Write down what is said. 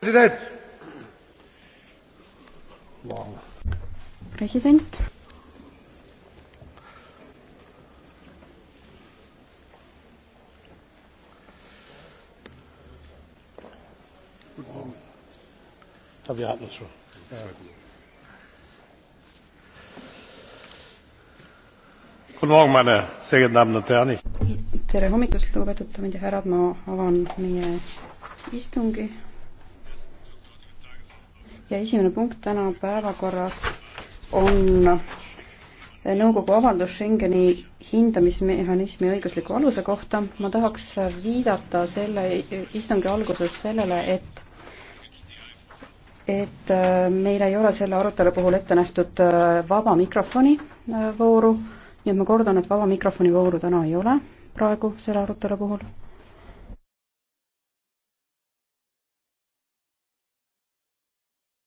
president. president. Wir hatten es schon. Ja. Guten Morgen, meine sehr geehrten Damen und Herren. Tere hommikust, lugupeetud daamid ja härrad, ma avan meie istungi ja esimene punkt täna päevakorras on nõukogu avaldus Schengeni hindamismehhanismi õigusliku aluse kohta. ma tahaks viidata selle istungi alguses sellele, et et äh, meil ei ole selle arutelu puhul ette nähtud äh, vaba mikrofoni äh, vooru, nii et ma kordan, et vaba mikrofoni vooru täna ei ole praegu selle arutelu puhul